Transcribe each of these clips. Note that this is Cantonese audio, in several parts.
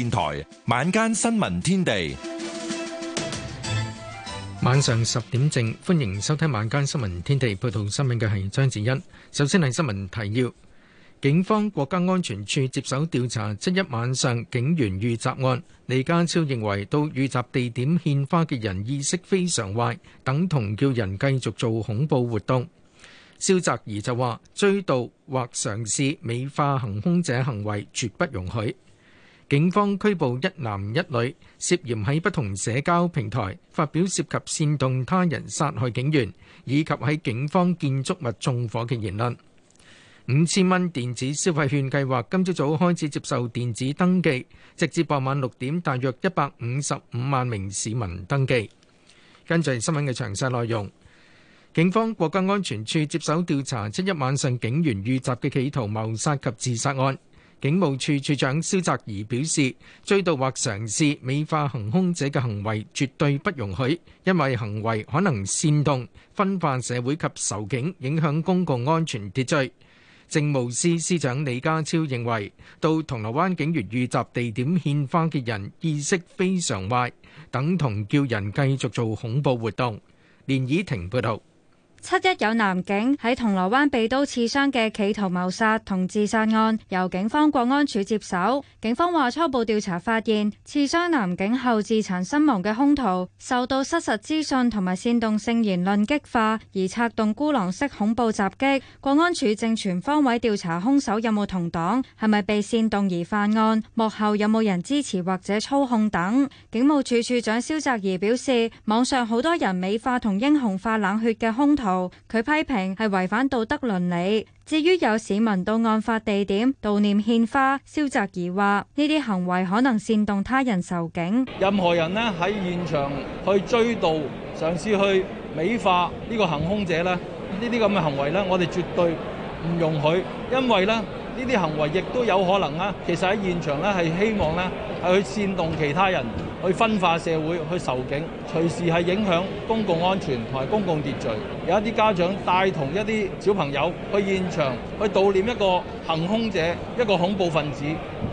電台晚間新聞天地，晚上十點正，歡迎收聽晚間新聞天地。報道新聞嘅係張子欣。首先係新聞提要：警方國家安全處接手調查，七一晚上警員遇襲案。李家超認為到遇襲地點獻花嘅人意識非常壞，等同叫人繼續做恐怖活動。蕭澤頤就話追悼或嘗試美化行凶者行為，絕不容許。警方拘捕一男一女，涉嫌喺不同社交平台發表涉及煽動他人殺害警員，以及喺警方建築物縱火嘅言論。五千蚊電子消費券計劃今朝早開始接受電子登記，直至傍晚六點，大約一百五十五萬名市民登記。跟住新聞嘅詳細內容，警方國家安全處接手調查，七一晚上警員遇襲嘅企圖謀殺及自殺案。警務處處長蕭澤頤表示，追悼或嘗試美化行兇者嘅行為絕對不容許，因為行為可能煽動、分化社會及仇警，影響公共安全秩序。政務司司長李家超認為，到銅鑼灣警員遇襲地點獻花嘅人意識非常壞，等同叫人繼續做恐怖活動。連綺婷報道。七一有男警喺銅鑼灣被刀刺傷嘅企圖謀殺同自殺案，由警方國安處接手。警方話初步調查發現，刺傷男警後自殘身亡嘅兇徒受到失實資訊同埋煽動性言論激化，而策動孤狼式恐怖襲擊。國安處正全方位調查兇手有冇同黨，係咪被煽動而犯案，幕後有冇人支持或者操控等。警務處處長蕭澤頤表示，網上好多人美化同英雄化冷血嘅兇徒。佢批評係違反道德倫理。至於有市民到案發地點悼念獻花，蕭澤怡話呢啲行為可能煽動他人仇警。任何人咧喺現場去追悼、嘗試去美化呢個行凶者咧，呢啲咁嘅行為咧，我哋絕對唔容許，因為咧。呢啲行為亦都有可能啦。其實喺現場咧，係希望咧，係去煽動其他人，去分化社會，去仇警，隨時係影響公共安全同埋公共秩序。有一啲家長帶同一啲小朋友去現場去悼念一個行兇者、一個恐怖分子。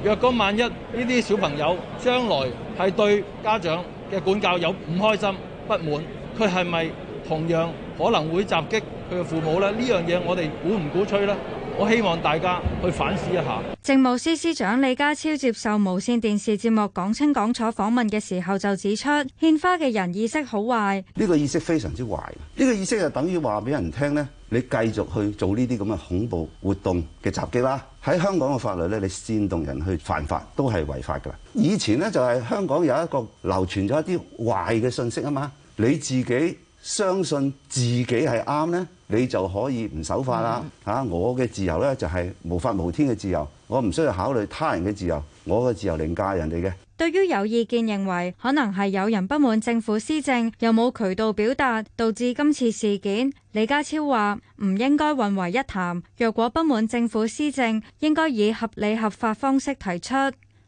若果萬一呢啲小朋友將來係對家長嘅管教有唔開心、不滿，佢係咪同樣可能會襲擊佢嘅父母呢？呢樣嘢我哋鼓唔鼓吹呢？我希望大家去反思一下。政務司司長李家超接受無綫電視節目《講清講楚》訪問嘅時候就指出，獻花嘅人意識好壞，呢個意識非常之壞。呢個意識就等於話俾人聽咧，你繼續去做呢啲咁嘅恐怖活動嘅襲擊啦。喺香港嘅法律咧，你煽動人去犯法都係違法噶啦，以前咧就係香港有一個流傳咗一啲壞嘅信息啊嘛，你自己。相信自己係啱呢，你就可以唔守法啦嚇！我嘅自由呢，就係無法無天嘅自由，我唔需要考慮他人嘅自由，我嘅自由凌駕人哋嘅。對於有意見認為可能係有人不滿政府施政又冇渠道表達，導致今次事件，李家超話唔應該混為一談，若果不滿政府施政，應該以合理合法方式提出。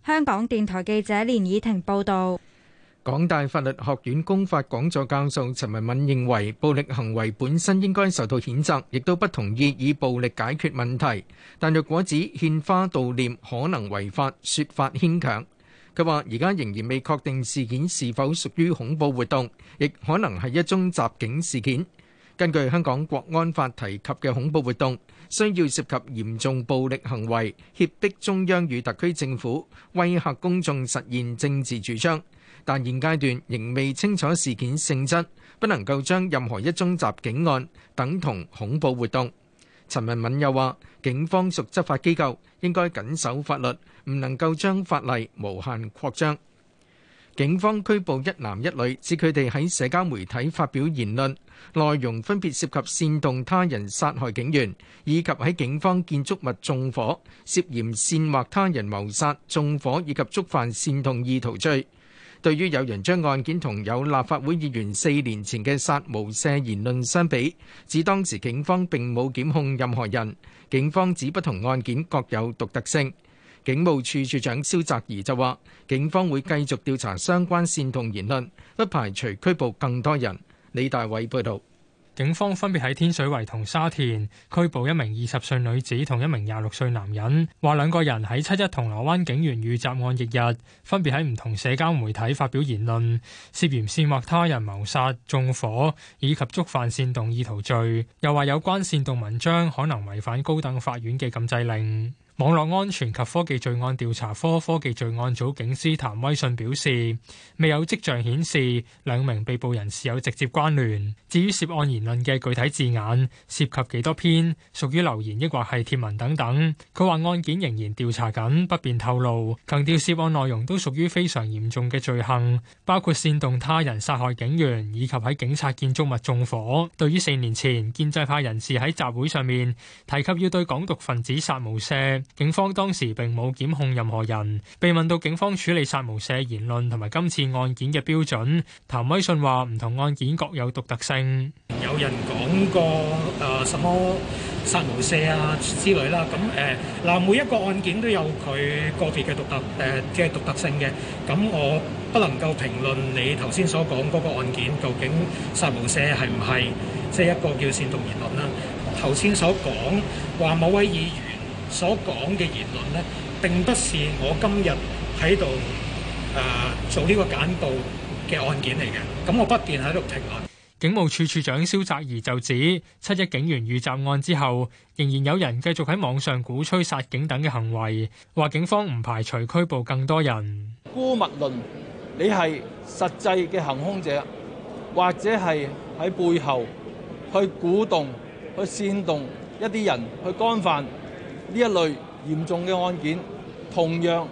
香港電台記者連以婷報導。港大法律學院公法講座教授陳文敏認為，暴力行為本身應該受到譴責，亦都不同意以暴力解決問題。但若果指獻花悼念可能違法，說法牽強。佢話：而家仍然未確定事件是否屬於恐怖活動，亦可能係一宗襲警事件。根據香港國安法提及嘅恐怖活動，需要涉及嚴重暴力行為，脅迫中央與特區政府威嚇公眾，實現政治主張。但現階段仍未清楚事件性質，不能夠將任何一宗襲警案等同恐怖活動。陳文敏又話，警方屬執法機構，應該緊守法律，唔能夠將法例無限擴張。警方拘捕一男一女，指佢哋喺社交媒體發表言論，內容分別涉及煽動他人殺害警員，以及喺警方建築物縱火，涉嫌煽惑他人謀殺、縱火以及觸犯煽動意圖罪。對於有人將案件同有立法會議員四年前嘅殺無赦言論相比，指當時警方並冇檢控任何人，警方指不同案件各有獨特性。警務處處長蕭澤頤就話：警方會繼續調查相關煽動言論，不排除拘捕更多人。李大偉報導。警方分別喺天水圍同沙田拘捕一名二十歲女子同一名廿六歲男人，話兩個人喺七一銅鑼灣警員遇襲案翌日，分別喺唔同社交媒體發表言論，涉嫌煽惑他人謀殺、縱火以及觸犯煽動意圖罪，又話有關煽動文章可能違反高等法院嘅禁制令。網絡安全及科技罪案調查科科技罪案組警司譚威信表示，未有跡象顯示兩名被捕人士有直接關聯。至於涉案言論嘅具體字眼、涉及幾多篇、屬於留言抑或係貼文等等，佢話案件仍然調查緊，不便透露。強調涉案內容都屬於非常嚴重嘅罪行，包括煽動他人殺害警員以及喺警察建築物縱火。對於四年前建制派人士喺集會上面提及要對港獨分子殺無赦。警方當時並冇檢控任何人。被問到警方處理殺無赦言論同埋今次案件嘅標準，譚威信話唔同案件各有獨特性。有人講過誒什麼殺無赦啊之類啦，咁誒嗱每一個案件都有佢個別嘅獨特誒即係獨特性嘅。咁我不能夠評論你頭先所講嗰個案件究竟殺無赦係唔係，即係一個叫煽動言論啦。頭先所講話某位議員所講嘅言論呢，並不是我今日喺度誒做呢個簡報嘅案件嚟嘅。咁我不斷喺度聽佢。警務處處長蕭澤頤就指，七一警員遇襲案之後，仍然有人繼續喺網上鼓吹殺警等嘅行為，話警方唔排除拘捕更多人。姑勿論，你係實際嘅行凶者，或者係喺背後去鼓動、去煽動一啲人去干犯。呢一類嚴重嘅案件，同樣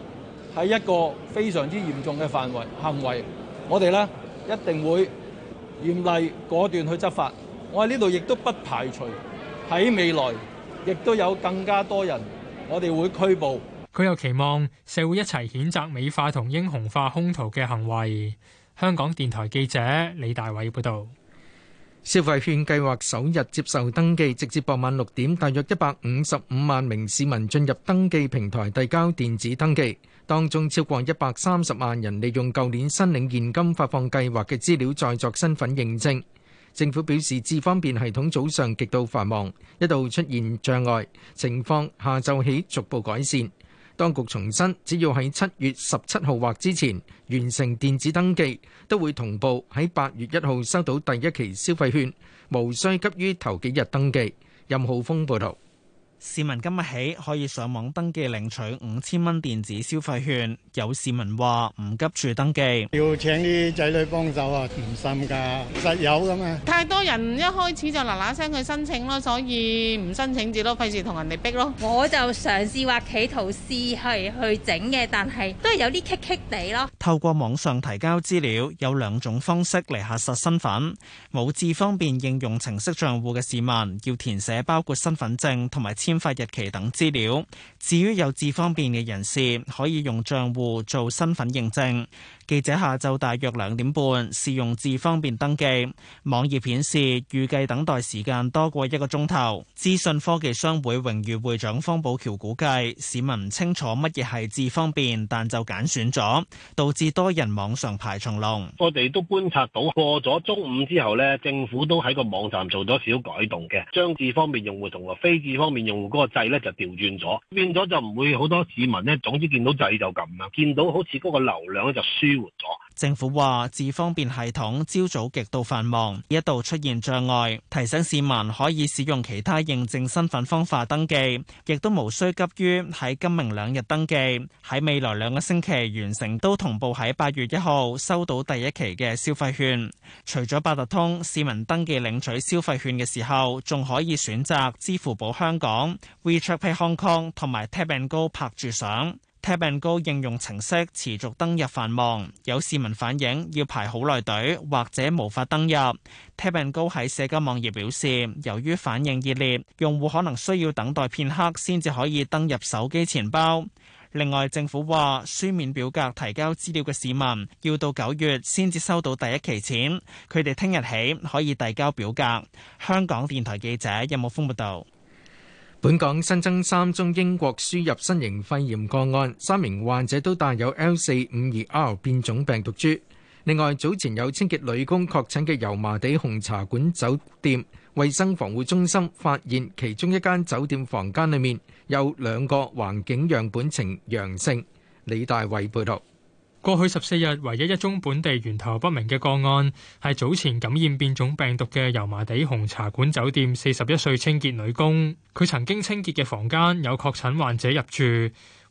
係一個非常之嚴重嘅範圍行為，我哋呢，一定會嚴厲果斷去執法。我喺呢度亦都不排除喺未來亦都有更加多人，我哋會拘捕。佢又期望社會一齊譴責美化同英雄化兇徒嘅行為。香港電台記者李大偉報導。消費券計劃首日接受登記，直至傍晚六點，大約一百五十五萬名市民進入登記平台遞交電子登記，當中超過一百三十萬人利用舊年申領現金發放計劃嘅資料再作身份認證。政府表示，智方便系統早上極度繁忙，一度出現障礙，情況下晝起逐步改善。當局重申，只要喺七月十七號或之前完成電子登記，都會同步喺八月一號收到第一期消費券，無需急於頭幾日登記。任浩峰報導。市民今日起可以上網登記領取五千蚊電子消費券。有市民話唔急住登記，要請啲仔女幫手啊，甜心噶，實有噶嘛。太多人一開始就嗱嗱聲去申請咯，所以唔申請住多費事同人哋逼咯。我就嘗試話企圖試係去，去整嘅，但係都係有啲棘棘地咯。透過網上提交資料，有兩種方式嚟核實身份。冇智方便應用程式賬戶嘅市民，要填寫包括身份證同埋。簽發日期等資料。至於有至方便嘅人士，可以用帳戶做身份認證。記者下晝大約兩點半試用字方便登記，網頁顯示預計等待時間多過一個鐘頭。資訊科技商會榮譽會長方寶橋估計市民唔清楚乜嘢係字方便，但就揀選咗，導致多人網上排長龍。我哋都觀察到過咗中午之後呢，政府都喺個網站做咗少改動嘅，將字方便用戶同個非字方便用戶嗰個掣呢，就調轉咗，變咗就唔會好多市民呢，總之見到掣就撳啦，見到好似嗰個流量就輸。政府話，智方便系統朝早極度繁忙，一度出現障礙，提醒市民可以使用其他認證身份方法登記，亦都無需急於喺今明兩日登記，喺未來兩個星期完成都同步喺八月一號收到第一期嘅消費券。除咗八達通，市民登記領取消費券嘅時候，仲可以選擇支付寶香港、WeChat Pay Hong Kong 同埋 Tap & Go 拍住賞。Tap & Go 應用程式持續登入繁忙，有市民反映要排好耐隊或者無法登入。Tap & Go 喺社交網頁表示，由於反應熱烈，用戶可能需要等待片刻先至可以登入手機錢包。另外，政府話書面表格提交資料嘅市民要到九月先至收到第一期錢，佢哋聽日起可以遞交表格。香港電台記者任武峯報道。有本港新增三宗英國輸入新型肺炎個案，三名患者都帶有 L 四五二 R 變種病毒株。另外，早前有清潔女工確診嘅油麻地紅茶館酒店，衛生防護中心發現其中一間酒店房間裏面有兩個環境樣本呈陽性。李大衛報道。過去十四日唯一一宗本地源頭不明嘅個案，係早前感染變種病毒嘅油麻地紅茶館酒店四十一歲清潔女工，佢曾經清潔嘅房間有確診患者入住。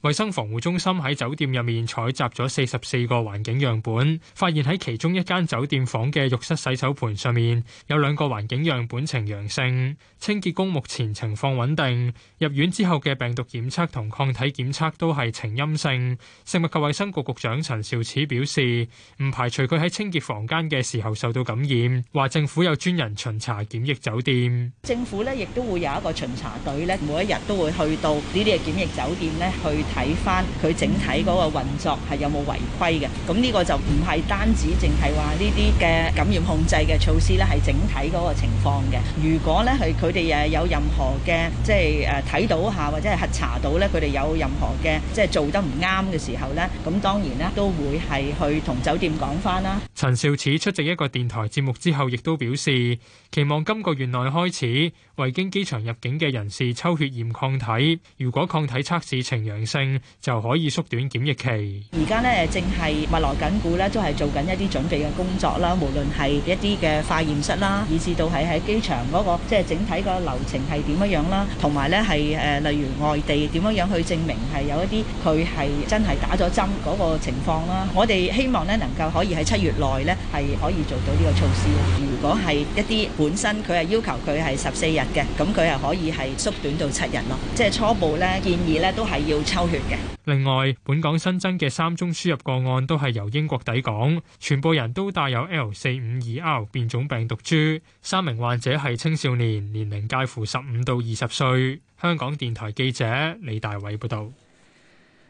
衛生防護中心喺酒店入面採集咗四十四個環境樣本，發現喺其中一間酒店房嘅浴室洗手盆上面有兩個環境樣本呈陽性。清潔工目前情況穩定，入院之後嘅病毒檢測同抗體檢測都係呈陰性。食物及衛生局局長陳肇始表示，唔排除佢喺清潔房間嘅時候受到感染。話政府有專人巡查檢疫酒店，政府呢亦都會有一個巡查隊呢每一日都會去到呢啲嘅檢疫酒店呢去。睇翻佢整體嗰個運作係有冇違規嘅，咁呢個就唔係單止淨係話呢啲嘅感染控制嘅措施咧，係整體嗰個情況嘅。如果咧係佢哋誒有任何嘅即係誒。呃睇到下或者係核查到咧，佢哋有任何嘅即係做得唔啱嘅時候咧，咁當然咧都會係去同酒店講翻啦。陳肇始出席一個電台節目之後，亦都表示期望今個月內開始為經機場入境嘅人士抽血驗抗體，如果抗體測試呈陽性，就可以縮短檢疫期。而家咧誒，正係密鑼緊鼓咧，都係做緊一啲準備嘅工作啦。無論係一啲嘅化驗室啦，以至到係喺機場嗰個即係整體個流程係點樣樣啦，同埋咧係。誒，例如外地點樣樣去證明係有一啲佢係真係打咗針嗰個情況啦，我哋希望咧能夠可以喺七月內咧係可以做到呢個措施。如果係一啲本身佢係要求佢係十四日嘅，咁佢係可以係縮短到七日咯。即係初步咧建議咧都係要抽血嘅。另外，本港新增嘅三宗輸入個案都係由英國抵港，全部人都帶有 L 四五二 R 變種病毒株，三名患者係青少年，年齡介乎十五到二十歲，香港電台記者李大偉報道。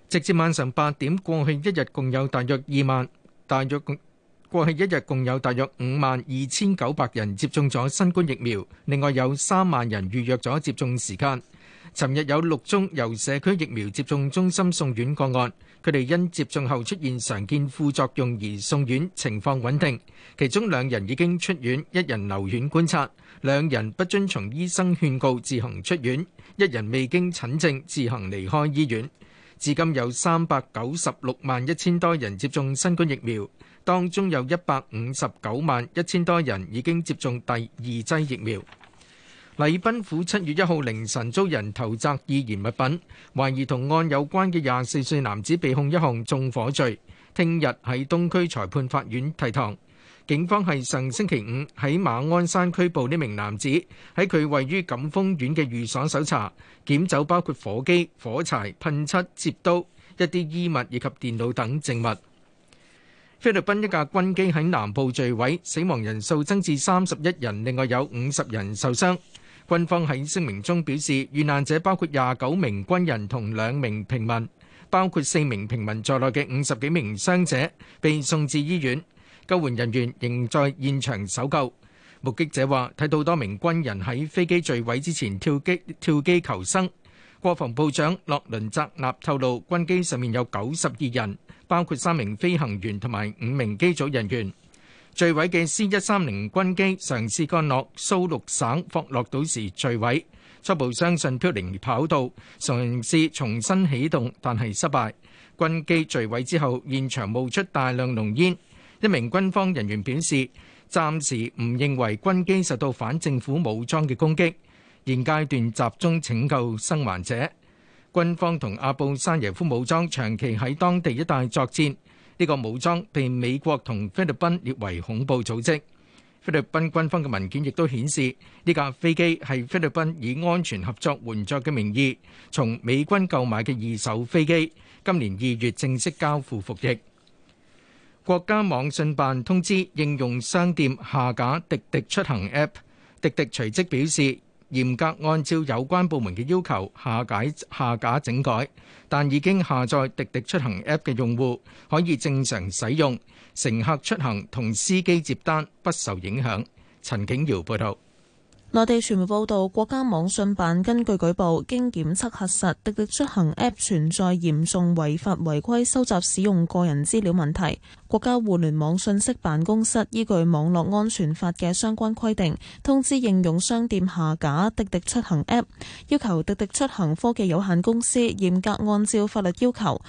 直至晚上八點，過去一日，共有大約二萬，大約過去一日共有大約五萬二千九百人接種咗新冠疫苗，另外有三萬人預約咗接種時間。尋日有六宗由社區疫苗接種中心送院個案，佢哋因接種後出現常見副作用而送院，情況穩定。其中兩人已經出院，一人留院觀察，兩人不遵從醫生勸告自行出院，一人未經診症自行離開醫院。至今有三百九十六萬一千多人接種新冠疫苗，當中有一百五十九萬一千多人已經接種第二劑疫苗。禮賓府七月一號凌晨遭人投擲易燃物品，懷疑同案有關嘅廿四歲男子被控一項縱火罪，聽日喺東區裁判法院提堂。警方係上星期五喺馬鞍山拘捕呢名男子，喺佢位於錦豐苑嘅寓所搜查，檢走包括火機、火柴、噴漆、摺刀、一啲衣物以及電腦等證物。菲律賓一架軍機喺南部墜毀，死亡人數增至三十一人，另外有五十人受傷。軍方喺聲明中表示，遇難者包括廿九名軍人同兩名平民，包括四名平民在內嘅五十幾名傷者被送至醫院。救援人員仍在現場搜救。目擊者話睇到多名軍人喺飛機墜毀之前跳機跳機求生。國防部長洛倫澤納透露，軍機上面有九十二人，包括三名飛行員同埋五名機組人員。墜毀嘅 C 一三零軍機嘗試降落蘇祿省霍洛島時墜毀，初步相信飄零跑道嘗試重新起動，但係失敗。軍機墜毀之後，現場冒出大量濃煙。一名軍方人員表示，暫時唔認為軍機受到反政府武裝嘅攻擊。現階段集中拯救生還者。軍方同阿布沙耶夫武裝長期喺當地一帶作戰。呢個武裝被美國同菲律賓列為恐怖組織。菲律賓軍方嘅文件亦都顯示，呢架飛機係菲律賓以安全合作援助嘅名義，從美軍購買嘅二手飛機，今年二月正式交付服役。國家網信辦通知應用商店下架滴滴出行 App，滴滴隨即表示，嚴格按照有關部門嘅要求下解下架整改，但已經下載滴滴出行 App 嘅用戶可以正常使用，乘客出行同司機接單不受影響。陳景堯報導。內地傳媒報道，國家網信辦根據舉報，經檢測核實，滴滴出行 App 存在嚴重違法違規收集使用個人資料問題。國家互聯網信息辦公室依據《網絡安全法》嘅相關規定，通知應用商店下架滴滴出行 App，要求滴滴出行科技有限公司嚴格按照法律要求，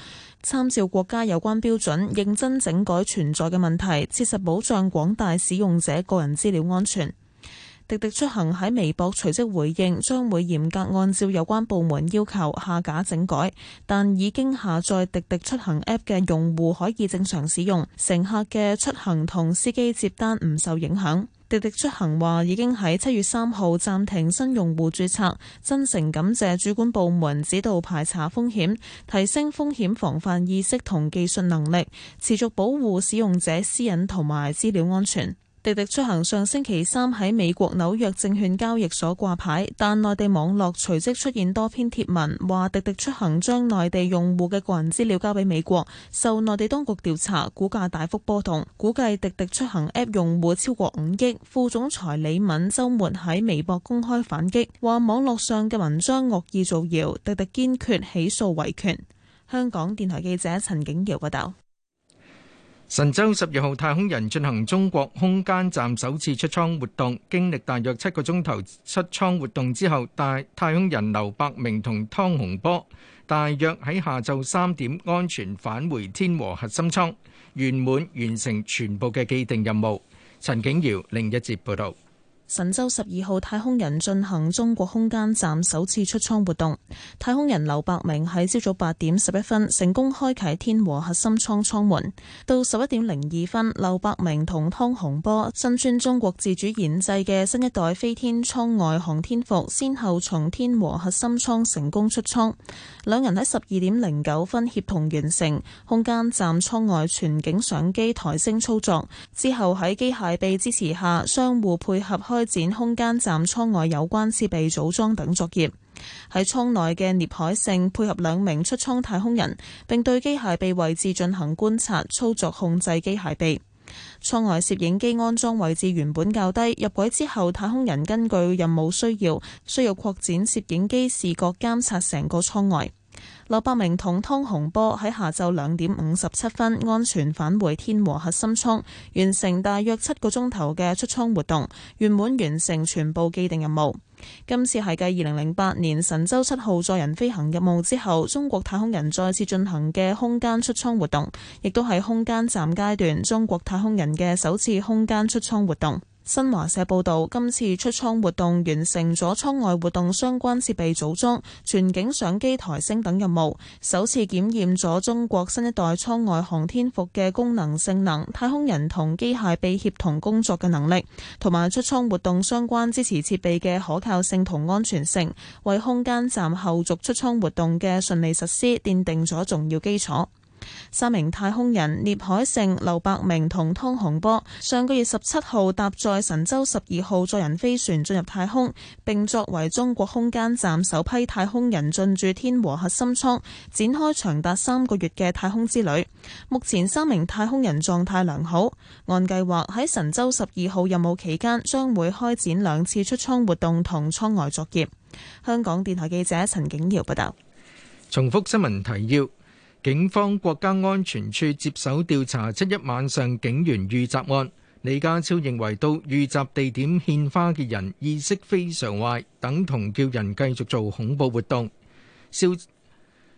參照國家有關標準，認真整改存在嘅問題，切實保障廣大使用者個人資料安全。滴滴出行喺微博隨即回應，將會嚴格按照有關部門要求下架整改，但已經下載滴滴出行 App 嘅用戶可以正常使用，乘客嘅出行同司機接單唔受影響。滴滴出行話已經喺七月三號暫停新用戶註冊，真誠感謝主管部門指導排查風險，提升風險防範意識同技術能力，持續保護使用者私隱同埋資料安全。滴滴出行上星期三喺美國紐約證券交易所掛牌，但內地網絡隨即出現多篇貼文，話滴滴出行將內地用戶嘅個人資料交俾美國，受內地當局調查，股價大幅波動。估計滴滴出行 App 用戶超過五億。副總裁李敏周末喺微博公開反擊，話網絡上嘅文章惡意造謠，滴滴堅決起訴維權。香港電台記者陳景瑤報道。神舟十二號太空人進行中國空間站首次出艙活動，經歷大約七個鐘頭出艙活動之後，帶太空人劉伯明同湯洪波大約喺下晝三點安全返回天和核心艙，圓滿完成全部嘅既定任務。陳景堯另一節報道。神舟十二號太空人進行中國空間站首次出艙活動，太空人劉伯明喺朝早八點十一分成功開啟天和核心艙艙門，到十一點零二分，劉伯明同湯洪波身穿中國自主研製嘅新一代飛天艙外航天服，先後從天和核心艙成功出艙，兩人喺十二點零九分協同完成空間站艙外全景相機抬升操作，之後喺機械臂支持下相互配合開。開展空間站艙外有關設備組裝等作業，喺艙內嘅聶海勝配合兩名出艙太空人，並對機械臂位置進行觀察，操作控制機械臂。艙外攝影機安裝位置原本較低，入軌之後，太空人根據任務需要，需要擴展攝影機視覺監察成個艙外。劉伯明同湯洪波喺下晝兩點五十七分安全返回天和核心艙，完成大約七個鐘頭嘅出艙活動，圓滿完成全部既定任務。今次係繼二零零八年神舟七號載人飛行任務之後，中國太空人再次進行嘅空間出艙活動，亦都係空間站階段中國太空人嘅首次空間出艙活動。新華社報道，今次出艙活動完成咗艙外活動相關設備組裝、全景相機抬升等任務，首次檢驗咗中國新一代艙外航天服嘅功能性能、太空人同機械臂協同工作嘅能力，同埋出艙活動相關支持設備嘅可靠性同安全性，為空間站後續出艙活動嘅順利實施奠定咗重要基礎。三名太空人聶海勝、劉伯明同湯洪波上個月十七號搭載神舟十二號載人飛船進入太空，並作為中國空間站首批太空人進駐天和核心艙，展開長達三個月嘅太空之旅。目前三名太空人狀態良好。按計劃喺神舟十二號任務期間，將會開展兩次出艙活動同艙外作業。香港電台記者陳景瑤報道。重複新聞提要。警方國家安全處接手調查七一晚上警員遇襲案，李家超認為到遇襲地點獻花嘅人意識非常壞，等同叫人繼續做恐怖活動。蕭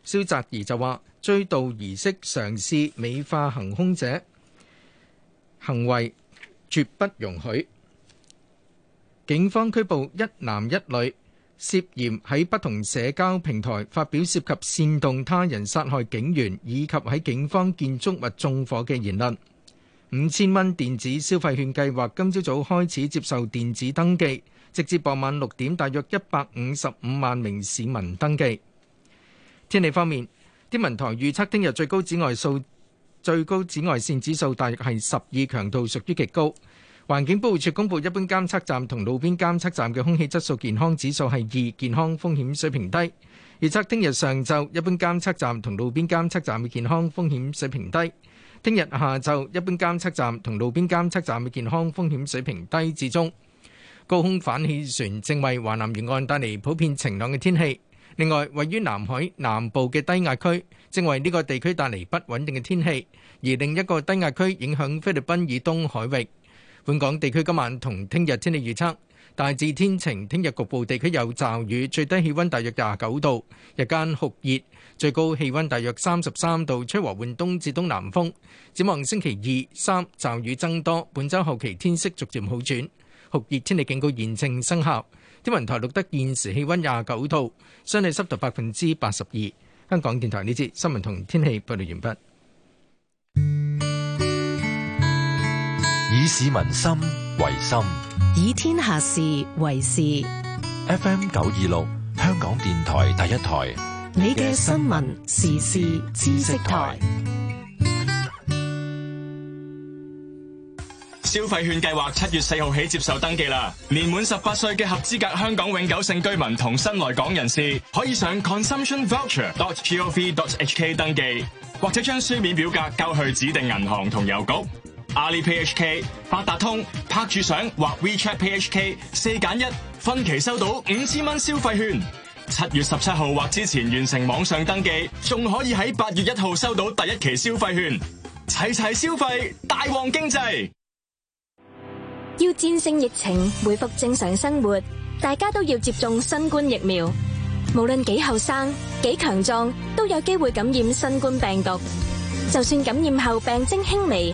蕭澤頤就話追悼儀式嘗試美化行兇者行為，絕不容許。警方拘捕一男一女，涉嫌喺不同社交平台發表涉及煽動他人殺害警員以及喺警方建築物縱火嘅言論。五千蚊電子消費券計劃今朝早早開始接受電子登記，直至傍晚六點大約一百五十五萬名市民登記。天氣方面，天文台預測聽日最高紫外數，最高紫外線指數大約係十二強度，屬於極高。環境保護署公布，一般監測站同路邊監測站嘅空氣質素健康指數係二，健康風險水平低。預測聽日上晝，一般監測站同路邊監測站嘅健康風險水平低；聽日下晝，一般監測站同路邊監測站嘅健康風險水平低至中。高空反氣旋正為華南沿岸帶嚟普遍晴朗嘅天氣。另外，位於南海南部嘅低壓區正為呢個地區帶嚟不穩定嘅天氣，而另一個低壓區影響菲律賓以東海域。本港地區今晚同聽日天氣預測大致天晴，聽日局部地區有驟雨，最低氣温大約廿九度，日間酷熱，最高氣温大約三十三度，吹和緩東至東南風。展望星期二三驟雨增多，本週後期天色逐漸好轉，酷熱天氣警告現正生效。天文台錄得現時氣温廿九度，相對濕度百分之八十二。香港電台呢節新聞同天氣報道完畢。市民心為心，以天下事為事。FM 九二六，香港電台第一台，你嘅新聞時事知識台。消費券計劃七月四號起接受登記啦，年滿十八歲嘅合資格香港永久性居民同新來港人士，可以上 consumptionvoucher.gov.hk 登記，或者將書面表格交去指定銀行同郵局。阿里 Pay HK、八達通拍住相或 WeChat Pay HK 四揀一分期收到五千蚊消費券，七月十七號或之前完成網上登記，仲可以喺八月一號收到第一期消費券，齊齊消費大旺經濟。要戰勝疫情，恢復正常生活，大家都要接種新冠疫苗。無論幾後生、幾強壯，都有機會感染新冠病毒。就算感染後病徵輕微。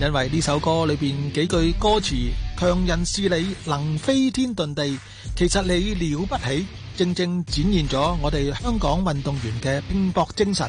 因為呢首歌裏邊幾句歌詞，強人是你，能飛天遁地，其實你了不起，正正展現咗我哋香港運動員嘅拼搏精神。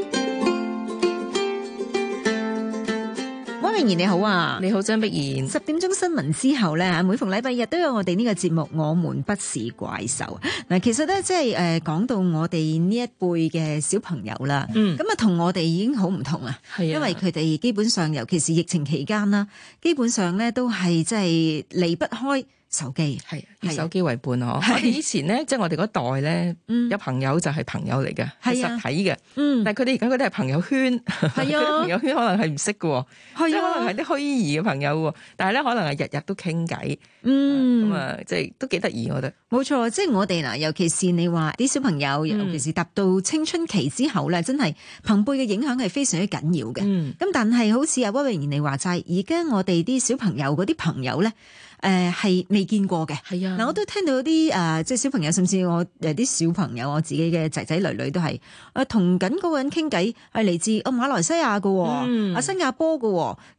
碧、嗯、你好啊，你好張碧妍。十點鐘新聞之後咧，每逢禮拜日都有我哋呢個節目《我們不是怪獸》。嗱，其實咧即係誒，講、呃、到我哋呢一輩嘅小朋友啦，嗯、咁啊同我哋已經好唔同啊。係啊、嗯，因為佢哋基本上，尤其是疫情期間啦，基本上咧都係即係離不開。手機係啊，以手機為伴嗬。以前咧，即係我哋嗰代咧，有朋友就係朋友嚟嘅，係實體嘅。嗯，但係佢哋而家佢哋係朋友圈，係啊，朋友圈可能係唔識嘅，即可能係啲虛擬嘅朋友。但係咧，可能係日日都傾偈。嗯，咁啊，即係都幾得意，我覺得。冇錯，即係我哋嗱，尤其是你話啲小朋友，尤其是達到青春期之後咧，真係朋輩嘅影響係非常之緊要嘅。咁但係好似阿溫永賢你話齋，而家我哋啲小朋友嗰啲朋友咧。誒係未見過嘅，係啊！嗱，我都聽到啲誒、呃，即係小朋友，甚至我誒啲小朋友，我自己嘅仔仔女女都係，啊、呃，同緊嗰個人傾偈，係嚟自阿、哦、馬來西亞嘅、哦，阿、嗯、新加坡嘅，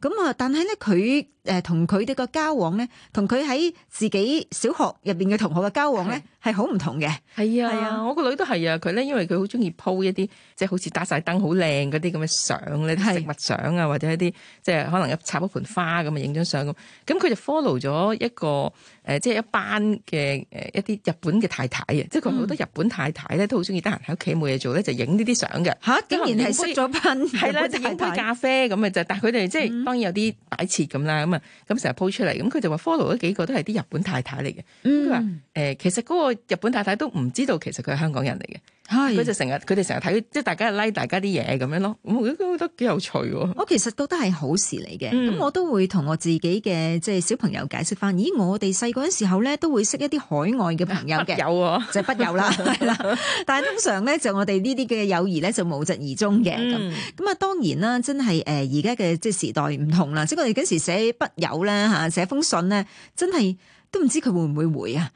咁啊，但係咧佢。誒，同佢哋個交往咧，同佢喺自己小學入邊嘅同學嘅交往咧，係好唔同嘅。係啊，係啊，我個女都係啊。佢咧，因為佢好中意 po 一啲，即係好似打晒燈好靚嗰啲咁嘅相咧，植的物相啊，或者一啲即係可能插一盆花咁啊，影張相咁。咁佢就 follow 咗一個誒、呃，即係一班嘅誒，一、呃、啲日本嘅太太啊。即係佢好多日本太太咧，都好中意得閒喺屋企冇嘢做咧，就影呢啲相嘅。吓、啊，竟然係抹咗噴，係咧，影杯咖啡咁啊就。但係佢哋即係、嗯、當然有啲擺設咁啦。嗯嗯嗯咁成日 po 出嚟，咁佢就話 follow 咗幾個都係啲日本太太嚟嘅，咁佢話誒，其實嗰個日本太太都唔知道，其實佢係香港人嚟嘅。佢唉就成日佢哋成日睇即係大家拉、like、大家啲嘢咁樣咯，我覺得覺得幾有趣喎。我其實覺得係好事嚟嘅，咁、嗯、我都會同我自己嘅即係小朋友解釋返。咦，我哋細個嗰陣時候咧都會識一啲海外嘅朋友嘅，有、啊、就筆友啦，係啦。 但係通常咧就我哋呢啲嘅友誼咧就無疾而終嘅咁。咁啊、嗯、當然啦，真係誒而家嘅即係時代唔同啦，即、就、係、是、我哋嗰時寫筆友咧嚇寫封信咧，真係都唔知佢會唔會回啊。